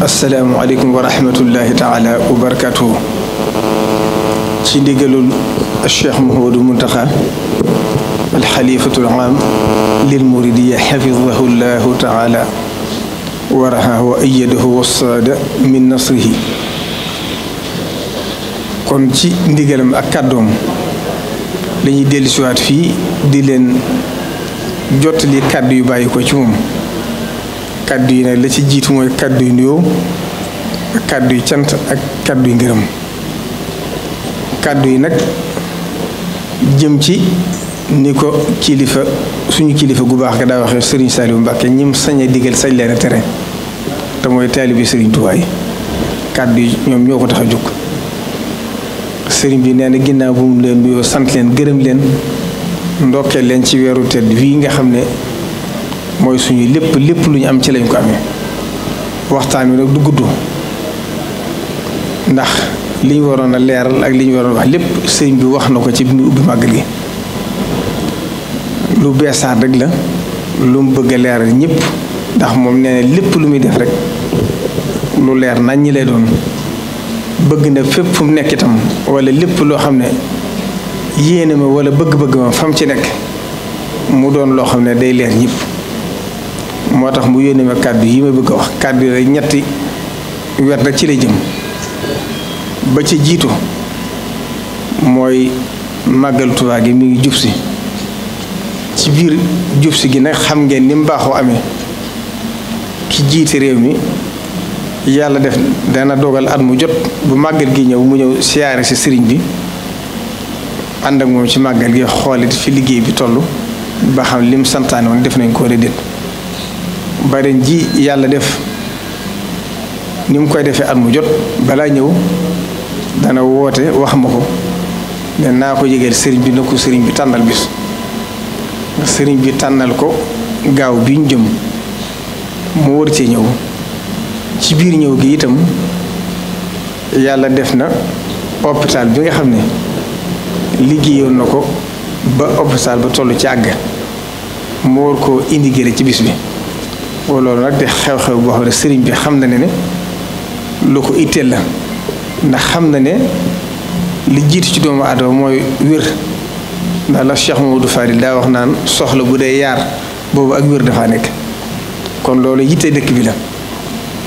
asalaamualeykum wa rahmatullahi taala wa barakatuhu ci ndigalul cheikh Mouhamadou Mountakha alxalifatul aam lil muridiya xafidahu llahu taala waraha wa ayadahu wasaada min nasrihi kon ci ndigalam ak kàddoom dañuy dellusiwaat fii di leen jottali kàddu yu bàyyi ko ci moom kàddu yi nag la ci jiitu mooy kàddu yu nuyoo ak kàddu yu cant ak kàddu yu ngërëm kàddu yi nag jëm ci ni ko kilifa suñu kilifa gu baax ga daa waxee sëriñ Saliou Mbacke ñim sañ a digal sañ leen a tere te mooy taalibi sëriñ Tuubaa yi kàddu yi ñoom ñoo ko tax a jóg sëriñ bi nee na ginnaaw bu mu leen nuyoo sant leen gërëm leen ndokkee leen ci weeru tedd wii nga xam ne mooy suñu lépp lépp lu ñu am ci lañ ko amee waxtaan wi nag du gudd ndax li ñu waroon a leeral ak li ñu waroon wax lépp sëñ bi wax na ko ci bi mu ubbi màggal gi lu beesaat rek la lu mu bëgg leeral ñëpp ndax moom nee lépp lu muy def rek lu leer nañ ñi lay doon bëgg na fépp mu nekk itam wala lépp loo xam ne yéene ma wala bëgg-bëgg ma fam ci nekk mu doon loo xam ne day leer ñëpp. moo tax mu yónnee ma kàddu yi ma bëgg a wax kàddu yi rek ñetti wet rek ci lay jëm ba ci jiitu mooy màggal Tuubaa gi mi ngi jub si ci biir jub si gi nag xam ngeen ni mu baaxoo amee ki jiite réew mi yàlla def dana dogal at mu jot bu màggal gi ñëw mu ñëw siyaare si sëriñ bi ànd ak moom ci màggal gi xoolit fi liggéey bi toll ba xam lim santaane woon def nañ ko déet bari ji yàlla def ni mu koy defee at mu jot balaa ñëw dana woote wax ma ko ne naa ko yëgal sëriñ bi na ko sëriñ bi tànnal bis sëriñ bi tànnal ko gaaw bi ñu jëm mu wër cee ñëw ci biir ñëw gi itam yàlla def na hôpital bi nga xam ne liggéeyoon na ko ba hôpital ba tollu ci àgg mu war koo intégré ci bis bi loolu nag di xew-xew boo xam ne sëriñ bi xam na ne ne lu ko itteel la ndax xam na ne li jiitu ci doomu aadama mooy wér ndax la Cheikh Mamadou Fadil daa wax naan soxla bu dee yaar boobu ak wér dafa nekk kon loolu yitte dëkk bi la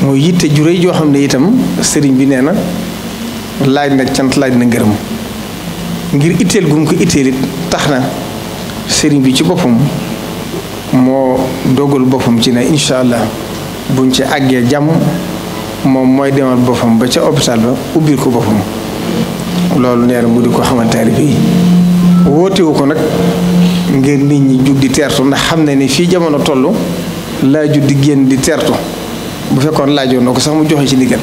mooy yitte ju réy joo xam ne itam sëriñ bi nee na laaj na cant laaj na ngërëm ngir itteel gu mu ko itteel tax na sëriñ bi ci boppam moo dogal boppam ci ne incha allah buñ ci àggee jàmm moom mooy demal boppam ba ca hôpital ba ubbil ko boppam loolu nee na mu di ko xamante ne bii wootewu ko nag ngir nit ñi jug di teertu ndax xam ne ni fii jamono toll laaju di génn di teertu bu fekkoon laajoon na ko sax mu joxe ci ndigal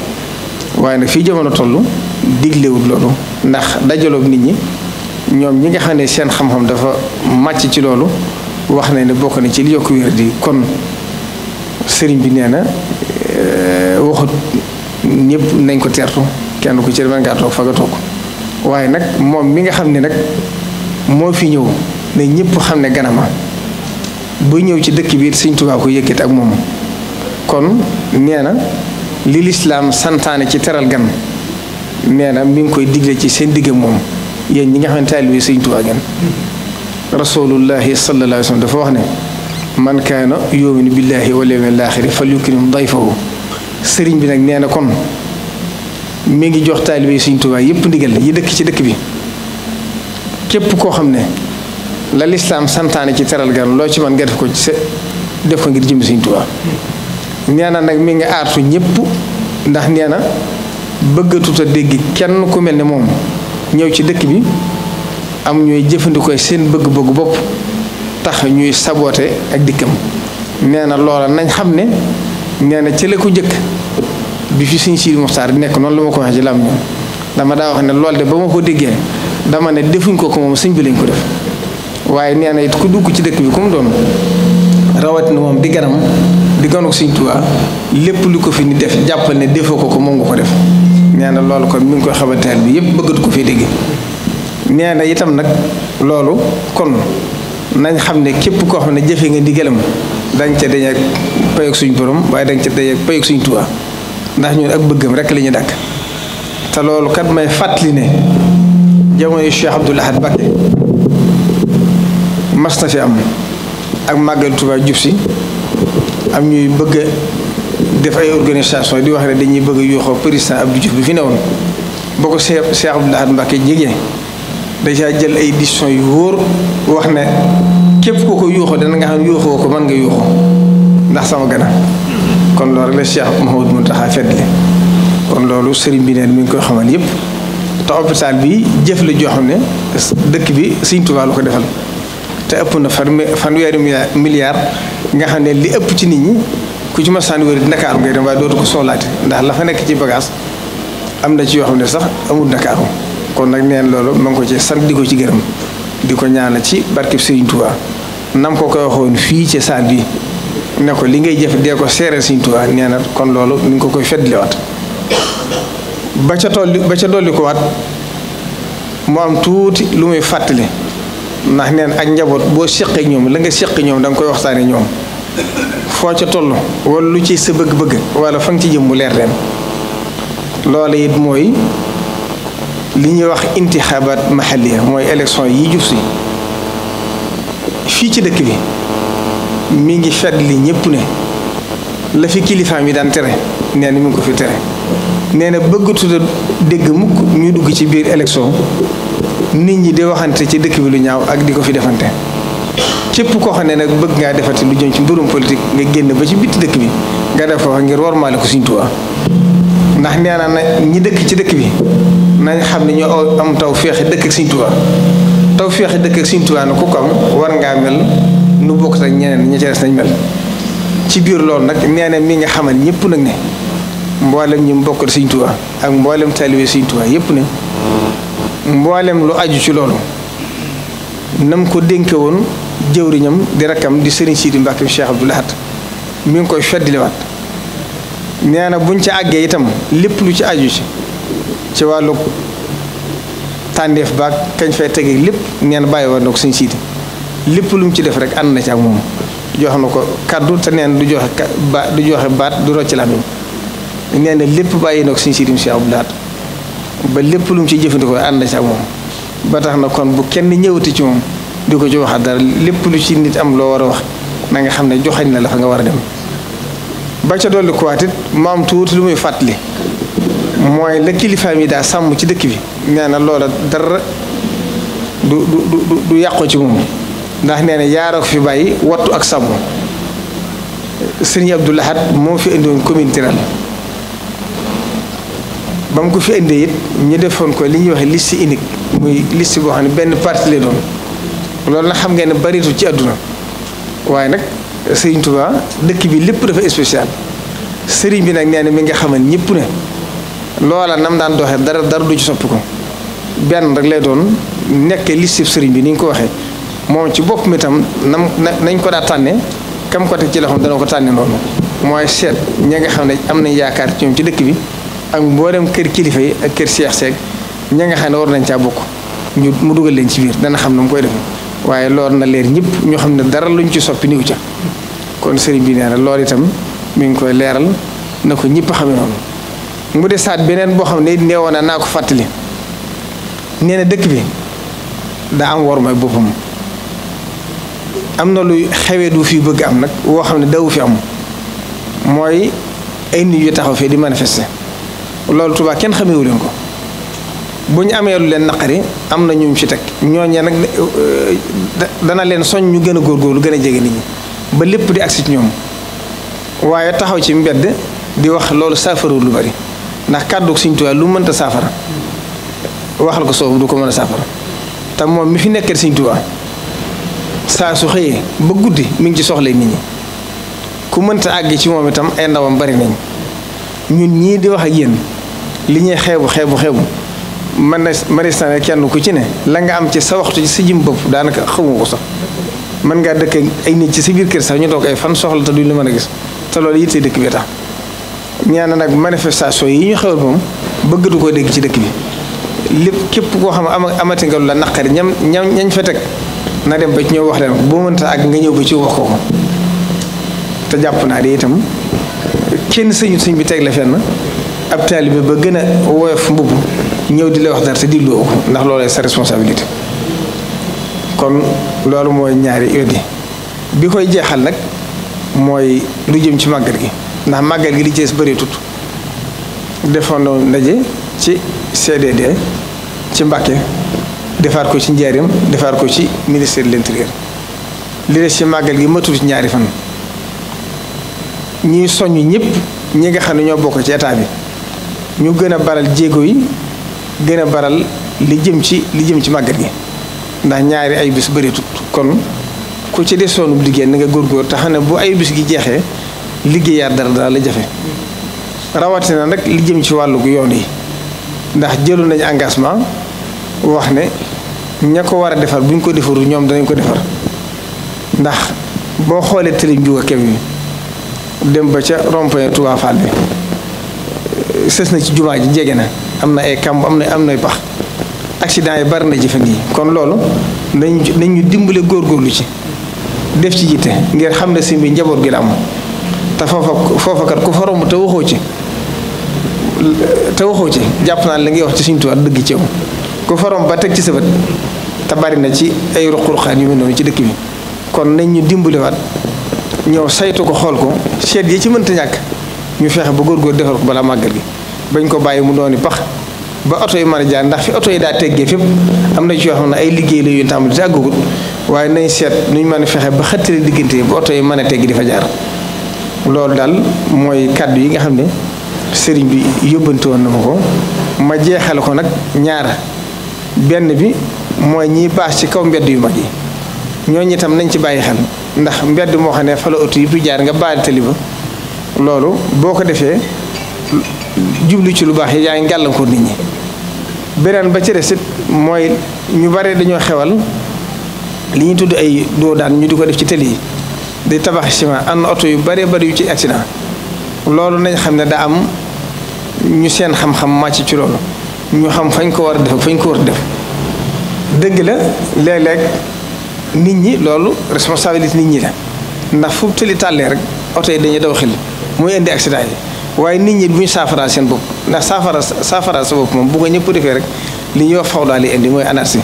waaye nag fii jamono toll diglewut loolu ndax dajaloob nit ñi ñoom ñi nga xam ne seen xam-xam dafa màcc ci loolu wax nañ ne bokk na ci li yokk wér di kon sëriñ bi nee na euh, waxut ñëpp nañ ko teertu kenn ku ci mën ngaa ko waaye nag moom mi nga xam ni nag moo fi ñëw ne ñëpp xam ne ganama bu ñëw ci dëkk bi it Sëriñ ko yëkkati ak moom kon nee na li lislaam santaane ci teral gan nee na mi ngi koy digle ci seen digg moom yéen ñi nga xam ne taalibe Sëriñ Tuubaa ngeen rasulullahi sallallahu alayhi wa sallam dafa wax ne man kaana yu'minu billahi wal yawmil aaxiri falyukrim dayfahu sëriñ bi nag nee na kon mi ngi jox taalibe Sëriñ Tuubaa yépp ndigal yi dëkk ci dëkk bi képp koo xam ne la lislaam ci teral gan loo ci man nga def ko ci def ko ngir jëm Sëriñ Tuubaa nee nag mi ngi aartu ñépp ndax nee na bëggatuta dégg kenn ku mel ne moom ñëw ci dëkk bi am ñuy jëfandikoo seen bëgg-bëggu bopp tax ñuy saboote ak dikkam nee na loola nañ xam ne nee na ci la ko jëkk bi fi suñ Sidi Muxtaar di nekk noonu la ma ko waxee lam ñoom dama daan wax ne loolu de ba ma ko déggee dama ne defuñ ko ko moom sëñ bi lañ ko def waaye nee na it ku dugg ci dëkk bi ku mu doon rawatina moom di ganam di ganuk Sëñ Tuubaa lépp lu ko fi ni def jàppal ne defoo ko ko moom nga ko def nee na loolu kon mi ngi koy xamantaan bi yépp bëggatu ko fee dégg nee na itam nag loolu kon nañ xam ne képp koo xam ne jëfe nga ndigalam dañ ca dañeeg payog suñ borom waaye dañ ca dañeeg payog suñ tuba ndax ñun ak bëggam rek lañuy ñu dàkk te loolu kat may fàttali ne jamono yu Cheikh Abdoul Ahad Mbacké mas na fi am ak màggal Tuubaa jub si am ñuy bëgg a def ay organisation di wax ne dañuy bëgg a yuuxoo président Abdou Diouf bi fi newoon boo ko Cheikh Abdoul Ahad Mbacké jégee déjà jël ay décisions yu wóor wax ne képp ku ko yuuxoo dana nga xam yuuxoo ko man nga yuuxoo ndax sama gana kon loolu rek la Cheikh kon loolu sëriñ bi neen mi ngi koy xamal yëpp te hôpital bi jëf la joo xam ne dëkk bi siñ Tuubaa lu ko defal te ëpp na fanweeri milliard nga xam ne li ëpp ci nit ñi ku ci ma sànni wér Ndakaaru ngay dem waaye dootu ko soxlaate ndax la fa nekk ci bagage am na ci yoo xam ne sax amul Ndakaaru kon nag neen loolu ma ko ci sant di ko ci gërëm di ko ñaanal ci barkeb Serigne Touba nam ko koy waxoon fii ci saal bi ne ko li ngay jëf dee ko seereel Serigne Touba nee na kon loolu mi ngi ko koy fedliwaat ba ca tolli ca dolli waat mu am tuuti lu muy fàttali ndax neen ak njaboot boo seqee ñoom la nga seqee ñoom da nga koy waxtaanee ñoom foo ca toll wala lu ci sa bëgg-bëgg walla fa nga ci jëm mu leer leen loolu it mooy. li ñuy wax intixaabaat mahalliya mooy élection yi jub si fii ci dëkk bi mi ngi fedd li ñëpp ne la fi kilifaam yi daan tere nee na mi ngi ko fi tere nee na bëggatuda dégg mukk ñu dugg ci biir élection nit ñi di waxante ci dëkk bi lu ñaaw ak di ko fi defante képp koo xam ne nag bëgg ngaa defati lu jëm ci mbirum politique nga génn ba ci bitti dëkk bi nga def ko ngir wormaale ko Sëriñ Tuubaa ndax nee nag na ñi dëkk ci dëkk bi nañ xam ne ñoo am taw féexe dëkk ak Sëriñ Tuubaa taw féexe dëkk ak Sëriñ Tuubaa na ku ko am war ngaa mel nu bokk ak ñeneen ñi ci des nañ mel ci biir loolu nag nee na mi nga xamal ñëpp nag ne mboolem ñi mbokkal Sëriñ Tuubaa ak mboolem taalibe Sëriñ Tuubaa yëpp ne mboolem lu aju ci loolu nam ko dénke woon jëwriñam di rakkam di Serigne Sidi Mbacke Cheikh Abdou Lahad mi ngi koy feddliwaat nee na buñ ci àggee itam lépp lu ci aju ci ci wàllu tàndeef baag kañ fay tegee lépp nee bàyyi woon na ko suñ siiti lépp lu ci def rek ànd na ci ak moom jox na ko kaddu te du joxe ba joxe baat du rocc lamiñ nee na lépp bàyyi na ko suñ siiti monsieur Abdoulaye ba lépp lu mu jëfandikoo ànd moom ba tax na kon bu kenn ñëwati ci moom di ko ci waxaat dara lépp lu ci nit am loo war a wax na nga xam ne joxañ na la fa nga war a dem. ba ca dolli kuwaat it tuuti lu muy fàttali mooy la kilifaam yi daa sàmm ci dëkk bi nee na loola dara du du du yàqu ci moom ndax nee na yaara ko fi bàyyi wattu ak sàmm sëriñ Abdou Lahad moo fi indiwoon commune Tiral ba mu ko fi indee it ñu defoon ko li ñuy wax liste unik muy liste boo xam ne benn parti lay doon loolu na xam ngeen ne baritu ci àdduna waaye nag. Serigne Touba dëkk bi lépp dafa spécial Serigne bi nag nee na mi nga xamal ñëpp ne loola nam daan doxee dara dara du ci soppi ko benn rek lay doon nekk liste Serigne bi ni ñu ko waxee moom ci bopp mi tam nam nañ ko daa tànnee kam ko teg ci loxoom dana ko tànnee noonu mooy seet ña nga xam ne am nañ yaakaar ci ñoom ci dëkk bi ak mboolem kër kilifa yi ak kër seex seeg ña nga xam ne war nañ caa bokk ñu mu dugal leen ci biir dana xam ne mu koy defee. waaye lool na leer ñëpp ñoo xam ne dara luñ ci soppi niw ca kon sëriñ bi nee na loolu itam mu ngi koy leeral na ko ñëpp xame noonu mu de saat beneen boo xam ne nee neewoon naa ko fàttali nee na dëkk bi daa am wormay boppam am na lu xewee du fi bëgg am nag woo xam ne dawu fi am mooy ay nit yu taxaw fee di manifester loolu Tuubaa kenn xamewuleen ko bu ñu amee lu leen naqari am na ñu ci teg ñooñee nag euh, dana leen soñ ñu gën a lu gën a jege nit ñi ba lépp di agsi ci ñoom waaye taxaw ci mbedd di wax loolu saafara lu bari ndax kàddu Sëriñ Tuubaa lu mënta saafara waxal ko soobu du ko mën a saafara te moom mi fi nekkal siñ Tuubaa saa su xëyee ba guddi mi ngi ci soxla nit ñi ku mënta àgg ci moom itam ay ndawam bari nañ ñun ñii di wax a yéen li ñuy xeebu xeebu xeebu mën na mënees kenn ku ci ne la nga am ci sa waxtu ci sa jëm bopp daanaka xamu ko sax mën ngaa dëkk ay nit ci sa biir kër sax ñu toog ay fan soxla te duñ la mën a gis te loolu yitte dëkk bi tax ñaan nag manifestation yi ñu xewal moom bëggatu koo dégg ci dëkk bi lépp képp koo xam am amati nga la naqar ñam ñam ñañ fa teg na dem ba ci ñëw wax leen boo mën mënta ak nga ñëw ba ci wax ko ko te jàpp naa de itam kenn sëñu sëñ bi teg la na ab taalibe ba gën a woyof mbubb ñëw di la wax dara te digloo ko ndax loolu sa responsabilité kon loolu mooy ñaari yoon bi koy jeexal nag mooy lu jëm ci màggal gi ndax màggal gi li ci des bëree tut defoon na CDD ci Mbàkke defaat ko ci njaarim defar ko ci ministère de l'intérieur li des ci màggal gi matul ci ñaari fan ñuy soññ ñëpp ñi nga xam ne ñoo bokk ci état bi ñu gën a baral jéego yi gën a baral li jëm ci li jëm ci màggat gi ndax ñaari ay bis bëreetut kon ku ci desoonub liggéey na nga góor te xam ne bu ay bis gi jeexee liggéeyaat dara dara la jafe rawatina nag li jëm ci wàllu yoon yi ndax jëlu nañu engagement wax ne ña ko war a defar bu ñu ko defaru ñoom danañ ko defar ndax boo xoolee tëlim juga kem yi dem ba ca rond-point bi sës na ci jumaa ji jege na am na ay kamb am na am nay pax accident yi bari na jëfand kon loolu nañ nañ ñu dimbale góorgóorlu ci def ci jiite ngir xam ne si njaboot gi la am te foofa foofa kat ku fa romb te waxoo ci te waxoo ci jàpp naa li ngay wax ci suñu dëgg ci yow ku fa ba teg ci sa te bari na ci ay ruq-ruqaan yu mel ci dëkk bi kon nañ ñu dimbalewaat ñëw saytu ko xool ko seet yi ci mënta ñàkk. ñu fexe ba góorgóor defar ko balaa màggal gi bañ ko bàyyi mu dooni pax ba oto yi man a jaar ndax fi oto yi daa teggee fépp am na ci yoo ay liggéey la yu tàmbali te àggagut nañ seet nuñ mën a fexe ba xëttale diggante ba yi mën a teggi di loolu daal mooy kàddu yi nga xam ne sëriñ bi yóbbante woon na ko ma jeexal ko nag ñaar benn bi mooy ñiy baax ci kaw mbedd yu mag yi ñooñu itam nañ ci bàyyi xel ndax mbedd moo xam ne falo oto yi du jaar nga baal tali ba loolu boo ko defee jublu ci lu baax yi yaa ngi nit ñi beneen ba ci resit mooy ñu bare dañoo xewal li ñu tudd ay doo daan ñu di ko def ci tëli yi day tabax ciment am na oto yu bare bari yu ci accident loolu nañ xam ne daa am ñu seen xam-xam màcc ci loolu ñu xam fañ ko war a def fañ ko war a def dëgg la léeg-léeg nit ñi loolu responsabilité nit ñi la ndax fu tëli tàllee rek oto yi dañuy daw xel mooy indi accident yi waaye nit ñi bu ñu saafaraa seen bopp ndax saafara saafara sa bopp moom bu ko ñëpp defee rek li ñuy wax faw daal di indi mooy anarchie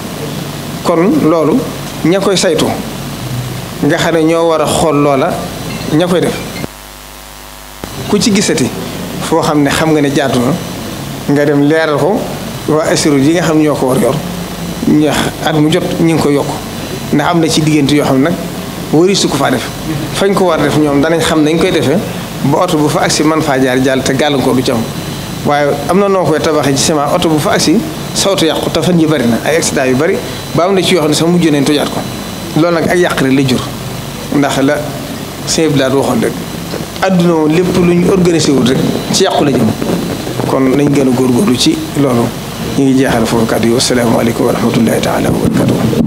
kon loolu ña koy saytu nga xam ne ñoo war a xool loola ña koy def ku ci gisati foo xam ne xam nga ne jaatu nga dem leeral ko waa assurance yi xam ñoo ko war yor ñax at mu jot ñu ngi koy yokk ndax am na ci diggante yoo xam ne nag wari su ko faa def fañ ko war def ñoom danañ xam nañ koy defee ba oto bu fa agsi man faa jaar jàll te gàllankoor du ci am waaye am na noo koy tabaxee ci ciment oto bu fa agsi sawtu yàqu te fan yi bari na ay accident yu bari ba am na ci yoo xam ne sax mujj nañ tojaat ko loolu nag ak yàq rek la ndax la sëñ bi daal waxoon rek adduna lépp lu ñu organisé wul rek ci yàqu la jëm kon nañ gën a lu ci loolu ñu ngi jeexal foofu kàddu yi wasalaamaaleykum wa rahmatullahi taala wa barakatuh